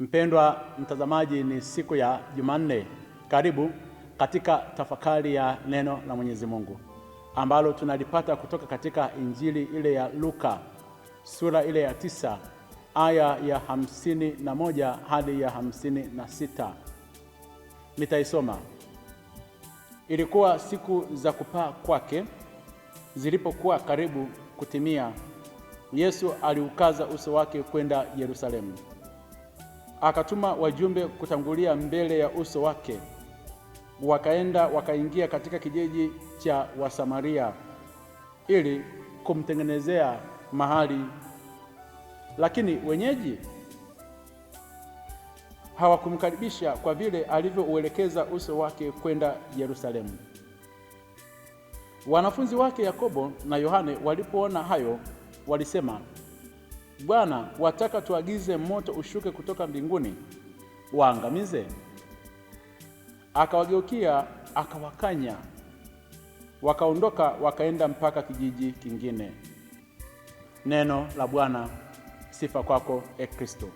Mpendwa mtazamaji, ni siku ya Jumanne. Karibu katika tafakari ya neno la Mwenyezi Mungu ambalo tunalipata kutoka katika Injili ile ya Luka sura ile ya tisa aya ya hamsini na moja hadi ya hamsini na sita. Nitaisoma. Ilikuwa siku za kupaa kwake, zilipokuwa karibu kutimia, Yesu aliukaza uso wake kwenda Yerusalemu akatuma wajumbe kutangulia mbele ya uso wake. Wakaenda wakaingia katika kijiji cha Wasamaria ili kumtengenezea mahali, lakini wenyeji hawakumkaribisha kwa vile alivyouelekeza uso wake kwenda Yerusalemu. Wanafunzi wake Yakobo na Yohane walipoona hayo, walisema Bwana, wataka tuagize moto ushuke kutoka mbinguni waangamize? Akawageukia akawakanya, wakaondoka wakaenda mpaka kijiji kingine. Neno la Bwana. Sifa kwako e Kristo.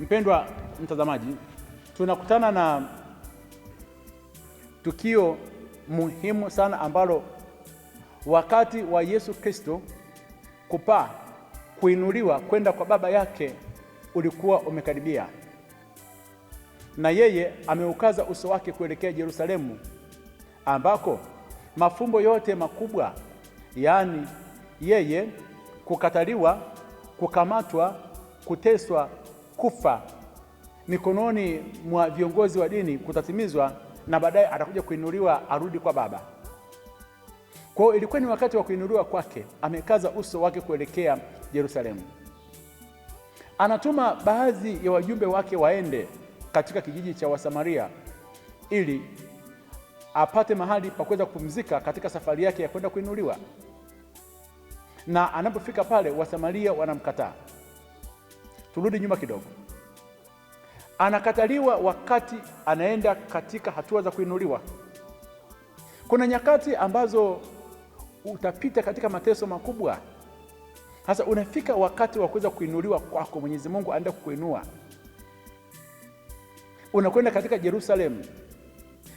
Mpendwa mtazamaji, tunakutana na tukio muhimu sana ambalo wakati wa Yesu Kristo kupaa kuinuliwa kwenda kwa Baba yake ulikuwa umekaribia, na yeye ameukaza uso wake kuelekea Yerusalemu, ambako mafumbo yote makubwa, yaani yeye kukataliwa, kukamatwa, kuteswa, kufa mikononi mwa viongozi wa dini kutatimizwa, na baadaye atakuja kuinuliwa arudi kwa Baba. Kwa hiyo ilikuwa ni wakati wa kuinuliwa kwake, amekaza uso wake kuelekea Yerusalemu. Anatuma baadhi ya wajumbe wake waende katika kijiji cha Wasamaria ili apate mahali pa kuweza kupumzika katika safari yake ya kwenda kuinuliwa. Na anapofika pale, Wasamaria wanamkataa. Turudi nyuma kidogo. Anakataliwa wakati anaenda katika hatua za kuinuliwa. Kuna nyakati ambazo utapita katika mateso makubwa. Sasa unafika wakati wa kuweza kuinuliwa kwako, Mwenyezi Mungu anaenda kukuinua. Unakwenda katika Yerusalemu.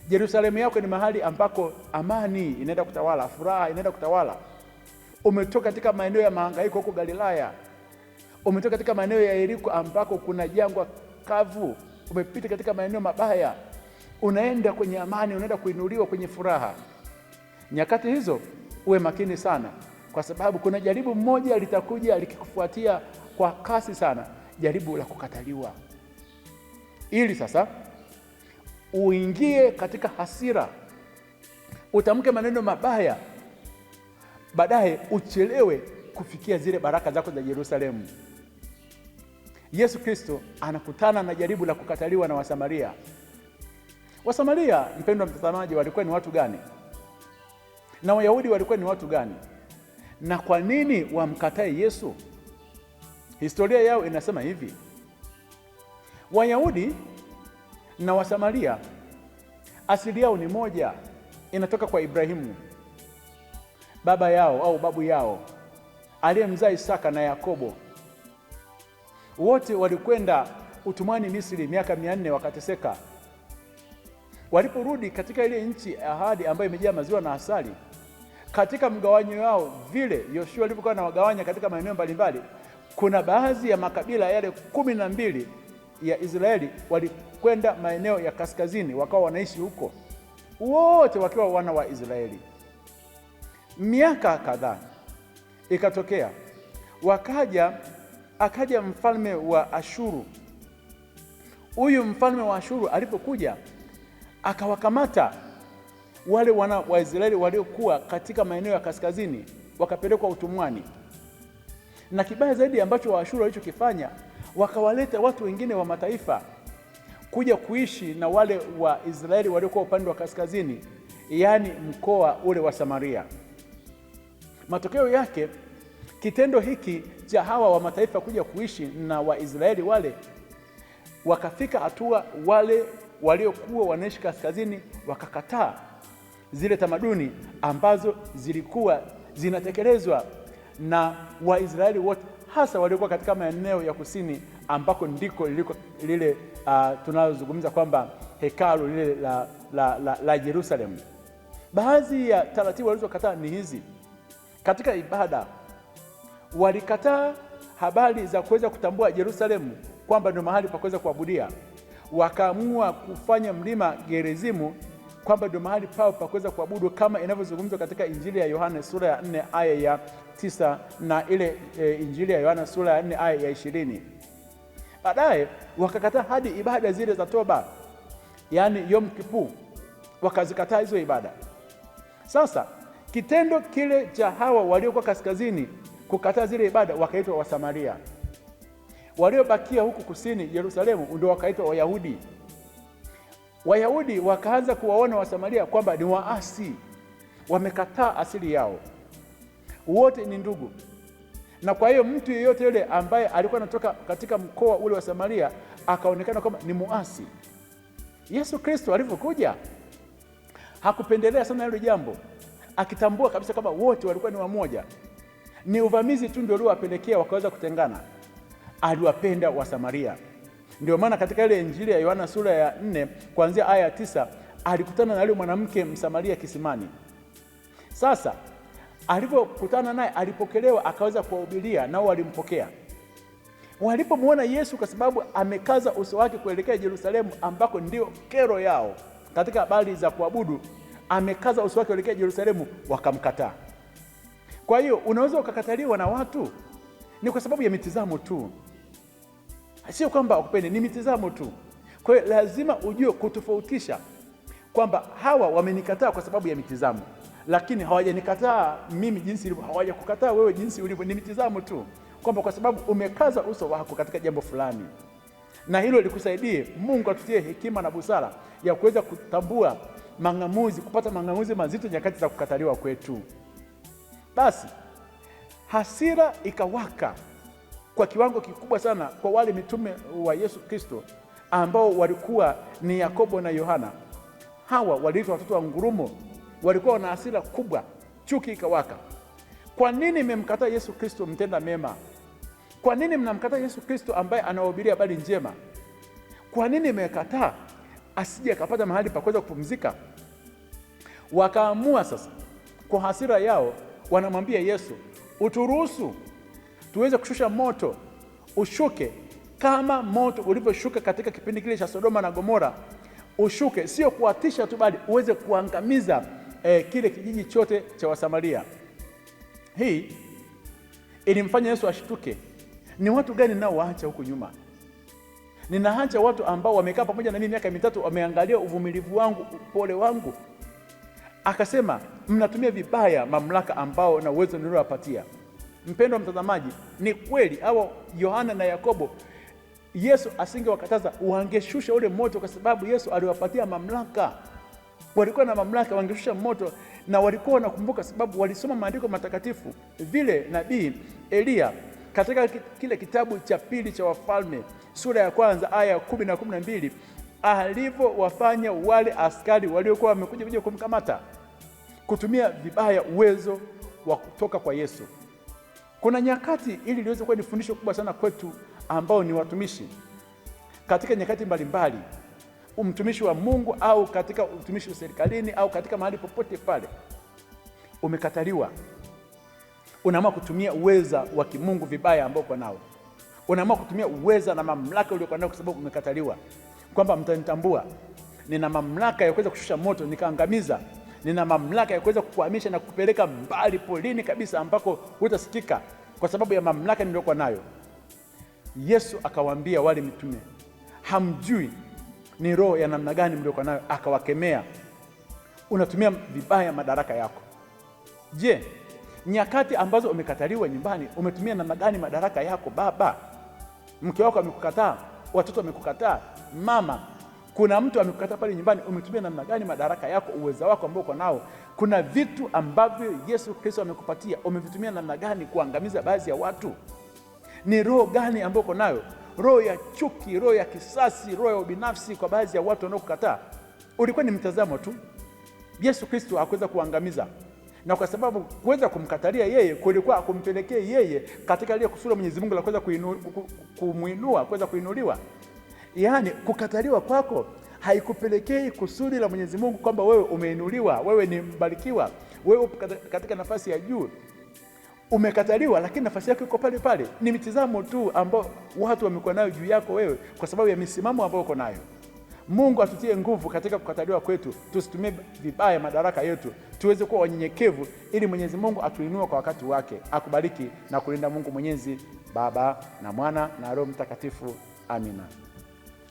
Yerusalemu yako ni mahali ambako amani inaenda kutawala, furaha inaenda kutawala. Umetoka katika maeneo ya mahangaiko huko Galilaya, umetoka katika maeneo ya Yeriko ambako kuna jangwa kavu, umepita katika maeneo mabaya, unaenda kwenye amani, unaenda kuinuliwa kwenye furaha. Nyakati hizo uwe makini sana kwa sababu kuna jaribu mmoja litakuja likikufuatia kwa kasi sana, jaribu la kukataliwa, ili sasa uingie katika hasira, utamke maneno mabaya, baadaye uchelewe kufikia zile baraka zako za Yerusalemu. Yesu Kristo anakutana na jaribu la kukataliwa na Wasamaria. Wasamaria, mpendwa mtazamaji, walikuwa ni watu gani? Na Wayahudi walikuwa ni watu gani? na kwa nini wamkatae Yesu? Historia yao inasema hivi: Wayahudi na Wasamaria asili yao ni moja, inatoka kwa Ibrahimu baba yao au babu yao aliyemzaa Isaka na Yakobo. Wote walikwenda utumwani Misri miaka mia nne wakateseka. Waliporudi katika ile nchi ahadi ambayo imejaa maziwa na asali katika mgawanyo wao vile Yoshua alivyokuwa anawagawanya katika maeneo mbalimbali, kuna baadhi ya makabila yale kumi na mbili ya Israeli walikwenda maeneo ya kaskazini, wakawa wanaishi huko wote wakiwa wana wa Israeli. Miaka kadhaa ikatokea, wakaja akaja mfalme wa Ashuru. Huyu mfalme wa Ashuru alipokuja akawakamata wale wana wa Israeli waliokuwa katika maeneo ya kaskazini wakapelekwa utumwani, na kibaya zaidi ambacho Waashuru walichokifanya wakawaleta watu wengine wa mataifa kuja kuishi na wale wa Israeli waliokuwa upande wa kaskazini, yaani mkoa ule wa Samaria. Matokeo yake kitendo hiki cha hawa wa mataifa kuja kuishi na Waisraeli wale, wakafika hatua wale waliokuwa wanaishi kaskazini wakakataa zile tamaduni ambazo zilikuwa zinatekelezwa na Waisraeli wote, hasa waliokuwa katika maeneo ya kusini ambako ndiko liliko lile uh, tunalozungumza kwamba hekalu lile la, la, la, la Yerusalemu. Baadhi ya taratibu walizokataa ni hizi. Katika ibada walikataa habari za kuweza kutambua Yerusalemu kwamba ndio mahali pa kuweza kuabudia, wakaamua kufanya mlima Gerizimu kwamba ndio mahali pao pa kuweza kuabudu kama inavyozungumzwa katika Injili ya Yohana sura ya 4 aya ya tisa na ile e, Injili ya Yohana sura ya 4 aya ya ishirini. Baadaye wakakataa hadi ibada zile za toba, yaani Yom Kipu, wakazikataa hizo ibada. Sasa kitendo kile cha hawa waliokuwa kaskazini kukataa zile ibada wakaitwa Wasamaria, waliobakia huku kusini Yerusalemu ndio wakaitwa Wayahudi. Wayahudi wakaanza kuwaona Wasamaria kwamba ni waasi, wamekataa asili yao, wote ni ndugu. Na kwa hiyo mtu yeyote yule ambaye alikuwa anatoka katika mkoa ule wa Samaria akaonekana kwamba ni muasi. Yesu Kristo alivyokuja hakupendelea sana hilo jambo, akitambua kabisa kwamba wote walikuwa ni wamoja. Ni uvamizi tu ndio uliowapelekea wakaweza kutengana. Aliwapenda Wasamaria. Ndio maana katika ile Injili ya Yohana sura ya nne kuanzia aya ya tisa alikutana na yule mwanamke Msamaria kisimani. Sasa alivyokutana naye, alipokelewa, akaweza kuwahubiria, nao walimpokea. Walipomwona Yesu, kwa sababu amekaza uso wake kuelekea Yerusalemu, ambako ndio kero yao katika habari za kuabudu, amekaza uso wake kuelekea Yerusalemu, wakamkataa. Kwa hiyo unaweza ukakataliwa na watu ni kwa sababu ya mitizamo tu. Sio kwamba wakupende, ni mitizamo tu. Kwa hiyo lazima ujue kutofautisha kwamba hawa wamenikataa kwa sababu ya mitizamo, lakini hawajanikataa mimi jinsi ilivyo, hawajakukataa wewe jinsi ulivyo. Ni mitizamo tu, kwamba kwa sababu umekaza uso wako katika jambo fulani, na hilo likusaidie. Mungu atutie hekima na busara ya kuweza kutambua mang'amuzi, kupata mang'amuzi mazito nyakati za kukataliwa kwetu. Basi hasira ikawaka kwa kiwango kikubwa sana kwa wale mitume wa Yesu Kristo ambao walikuwa ni Yakobo na Yohana. Hawa waliitwa watoto wa ngurumo, walikuwa na hasira kubwa, chuki ikawaka. Kwa nini mmemkataa Yesu Kristo mtenda mema? Kwa nini mnamkataa Yesu Kristo ambaye anawahubiria habari njema? Kwa nini mmekataa asije akapata mahali pa kuweza kupumzika? Wakaamua sasa, kwa hasira yao wanamwambia Yesu, uturuhusu tuweze kushusha moto ushuke kama moto ulivyoshuka katika kipindi kile cha Sodoma na Gomora, ushuke sio kuatisha tu, bali uweze kuangamiza eh, kile kijiji chote cha Wasamaria. Hii ilimfanya Yesu ashtuke. Ni watu gani nao waacha huku nyuma? Ninaacha watu ambao wamekaa pamoja na mimi miaka mitatu, wameangalia uvumilivu wangu, upole wangu. Akasema mnatumia vibaya mamlaka ambao na uwezo niliowapatia. Mpendwa mtazamaji, ni kweli hawa Yohana na Yakobo, Yesu asingewakataza wangeshusha ule moto, kwa sababu Yesu aliwapatia mamlaka. Walikuwa na mamlaka, wangeshusha moto na walikuwa wanakumbuka, sababu walisoma maandiko matakatifu. Vile nabii Eliya katika kile kitabu cha pili cha Wafalme sura ya kwanza aya ya kumi na kumi na mbili alivyowafanya wale askari waliokuwa wamekuja kuja kumkamata kutumia vibaya uwezo wa kutoka kwa Yesu. Kuna nyakati ili liweze kuwa ni fundisho kubwa sana kwetu ambao ni watumishi katika nyakati mbalimbali, mtumishi wa Mungu au katika utumishi wa serikalini au katika mahali popote pale, umekataliwa, unaamua kutumia uweza wa kimungu vibaya ambao uko nao, unaamua kutumia uweza na mamlaka uliokuwa nayo kwa sababu umekataliwa, kwamba mtanitambua, nina mamlaka ya kuweza kushusha moto nikaangamiza, nina mamlaka ya kuweza kukuhamisha na kukupeleka mbali polini kabisa, ambako hutasikika kwa sababu ya mamlaka niliyokuwa nayo. Yesu akawaambia wale mitume, hamjui ni roho ya namna gani mliokuwa nayo. Akawakemea, unatumia vibaya madaraka yako. Je, nyakati ambazo umekataliwa nyumbani, umetumia namna gani madaraka yako? Baba, mke wako amekukataa, watoto wamekukataa, mama kuna mtu amekukataa pale nyumbani, umetumia namna gani madaraka yako, uweza wako ambao uko nao? Kuna vitu ambavyo Yesu Kristo amekupatia, umevitumia namna gani kuangamiza baadhi ya watu? Ni roho gani ambayo uko nayo? Roho ya chuki, roho ya kisasi, roho ya ubinafsi kwa baadhi ya watu wanaokukataa? Ulikuwa ni mtazamo tu. Yesu Kristo hakuweza kuangamiza na kwa sababu kuweza kumkatalia yeye kulikuwa akumpelekee yeye katika ile kusudi Mwenyezi Mungu la kuweza kumwinua kuweza kuinuliwa. Yaani, kukataliwa kwako haikupelekei kusudi la Mwenyezi Mungu kwamba wewe umeinuliwa, wewe ni mbarikiwa, wewe katika nafasi ya juu. Umekataliwa, lakini nafasi yako iko pale pale. Ni mitizamo tu ambao watu wamekuwa nayo juu yako wewe, kwa sababu ya misimamo ambayo uko nayo. Mungu atutie nguvu katika kukataliwa kwetu, tusitumie vibaya madaraka yetu, tuweze kuwa wanyenyekevu, ili Mwenyezi Mungu atuinue kwa wakati wake. Akubariki na kulinda Mungu Mwenyezi, Baba na Mwana na Roho Mtakatifu. Amina.